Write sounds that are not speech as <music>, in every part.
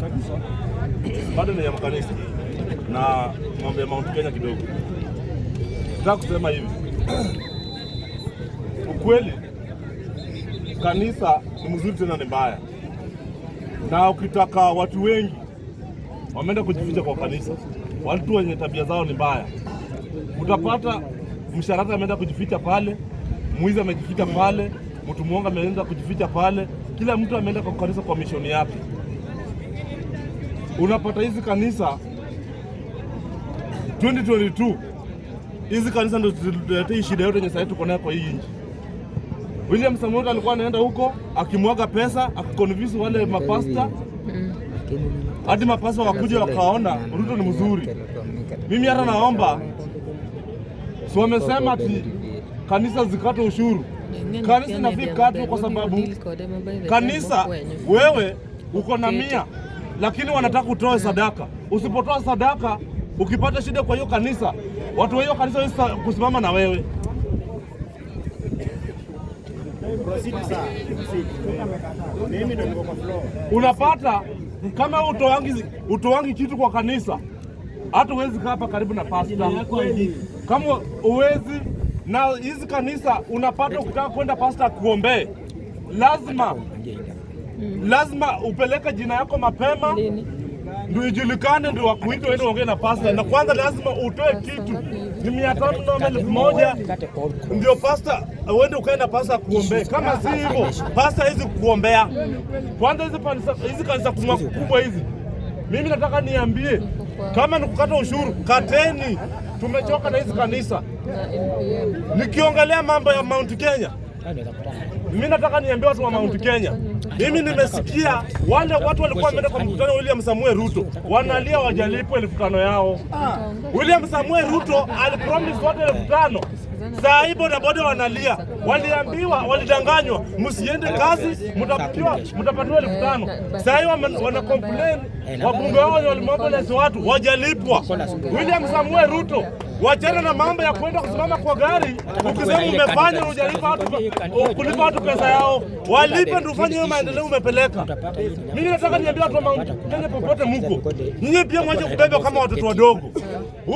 kabisa bado ni ya mkanisa na mambo ya Mount Kenya kidogo. Nataka kusema hivi, ukweli kanisa ni mzuri tena ni mbaya, na ukitaka watu wengi wameenda kujificha kwa kanisa, watu wenye tabia zao ni mbaya, utapata msharati ameenda kujificha pale, mwizi amejificha pale, mtu mwongo ameenda kujificha pale, kila mtu ameenda kwa kanisa kwa mishoni yake unapata hizi kanisa 2022 hizi kanisa ndio tuletea shida yote yenye sasa tuko nayo kwa hii nchi. William Samoei alikuwa anaenda huko akimwaga pesa akikonvince wale mapasta hadi mapasta wakuja wakaona Ruto ni mzuri. Mimi hata naomba si wamesema ati kanisa zikate ushuru. Kanisa nafikatu kwa sababu kanisa, wewe uko na mia lakini wanataka utoe sadaka. Usipotoa sadaka, ukipata shida kwa hiyo kanisa, watu wa hiyo kanisa wawezi kusimama na wewe. Unapata kama utoangi, utoangi kitu kwa kanisa, hata uwezi kaa hapa karibu na pasta, kama uwezi na hizi kanisa unapata, ukitaka kwenda pasta kuombee lazima mm. lazima upeleke jina yako mapema Lini? ndio ijulikane, ndio wakuitwa waende ongee na pasta, na kwanza lazima utoe kitu ni mia tatu na elfu moja ndio pasta uende na pasta kuombea. Kama si hivyo, pasta hizi kuombea kwanza. Hizi kanisa kuma kubwa hizi, mimi nataka niambie, kama nikukata ushuru kateni, tumechoka na hizi kanisa. Nikiongelea mambo ya Mount Kenya Yaani mimi nataka niambie watu wa Mount Kenya, mimi nimesikia wale watu walikuwa wameenda kwa mkutano William Samuel Ruto wanalia wajalipo elfu tano yao. William Samuel Ruto alipromise watu elfu tano saa hii bodaboda wanalia, waliambiwa, walidanganywa, msiende kazi, mtapatiwa mtapatiwa elfu tano. Saa hii wana complain wabunge wao walimwombolezi watu wajalipwa. William Samuel Ruto Wachana na mambo ya kwenda kusimama kwa gari ukisema umefanya ujalipa kulipa watu pesa yao, walipe ndio ufanye hiyo maendeleo umepeleka. Mimi nataka niambie watu wa Mount Kenya, popote mko nyinyi, pia mwache kubebwa kama watoto wadogo. Hmm.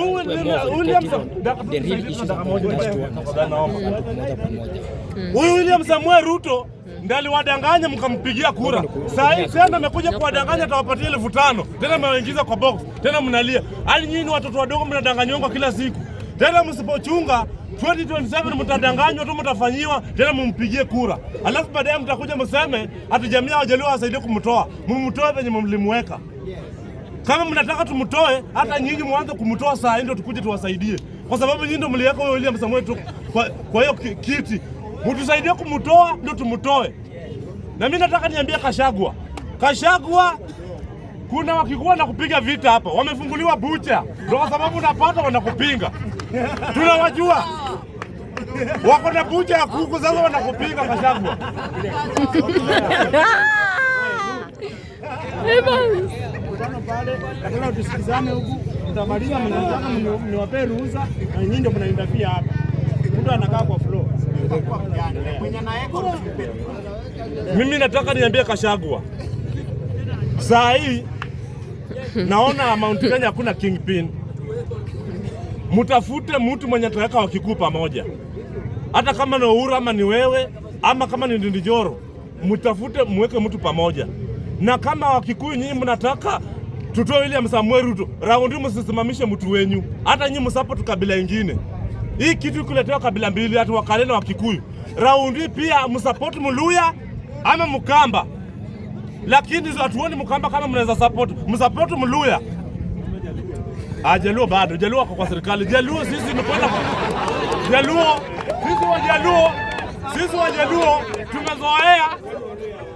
Huyu William Samuel Ruto ndiye aliwadanganya mkampigia kura. Saa hii tena amekuja kuwadanganya, atawapatia elfu tano tena mnawaingiza kwa box, tena mnalia. Hali nyinyi watoto wadogo, mnadanganywa kila siku. Tena msipochunga 2027 mtadanganywa tu, mtafanyiwa tena, mumpigie kura, alafu baadaye mtakuja mseme ati jamii hawajaliwa wasaidie kumtoa, mumtoe penye mlimweka. Kama mnataka tumtoe, hata nyinyi mwanze kumtoa saa hii ndio tukuje tuwasaidie, kwa sababu nyinyi ndio mliweka huyo William Samoei. Kwa hiyo kiti mtusaidie kumtoa ndio tumtoe. Na mimi nataka niambie Kashagwa, Kashagwa kuna wakikuwa na kupiga vita hapa, wamefunguliwa bucha, ndio kwa sababu unapata wanakupinga. <laughs> Tunawajua wako na bucha ya kuku, sasa wanakupinga Kashagwa. <laughs> mkutano pale, lakini tusikizane huku, mtamaliza mnaanza, mniwapee ruhusa na nyinyi ndio pia hapa, mtu anakaa kwa floor. Mimi nataka niambie Kashagwa saa hii naona Mount Kenya hakuna kingpin. Mtafute mtu mwenye ataweka wa kikuu pamoja, hata kama ni Uhuru ama ni wewe ama kama ni Ndindijoro, mtafute mweke mtu pamoja na kama Wakikuyu nyinyi mnataka tutoe William Samuel Ruto, raundi msisimamishe mtu wenyu, hata nyinyi msapoti kabila ingine. Hii kitu kuletewa kabila mbili, hata Wakale na Wakikuyu. Raundi pia msapoti Mluya ama Mkamba, lakini hatuoni Mkamba kama mnaweza sapoti, msapoti Mluya. Ah, Jaluo bado, Jaluo wako kwa serikali. Jaluo sisi nikwenda Jaluo sisi Wajaluo sisi Wajaluo tumezoea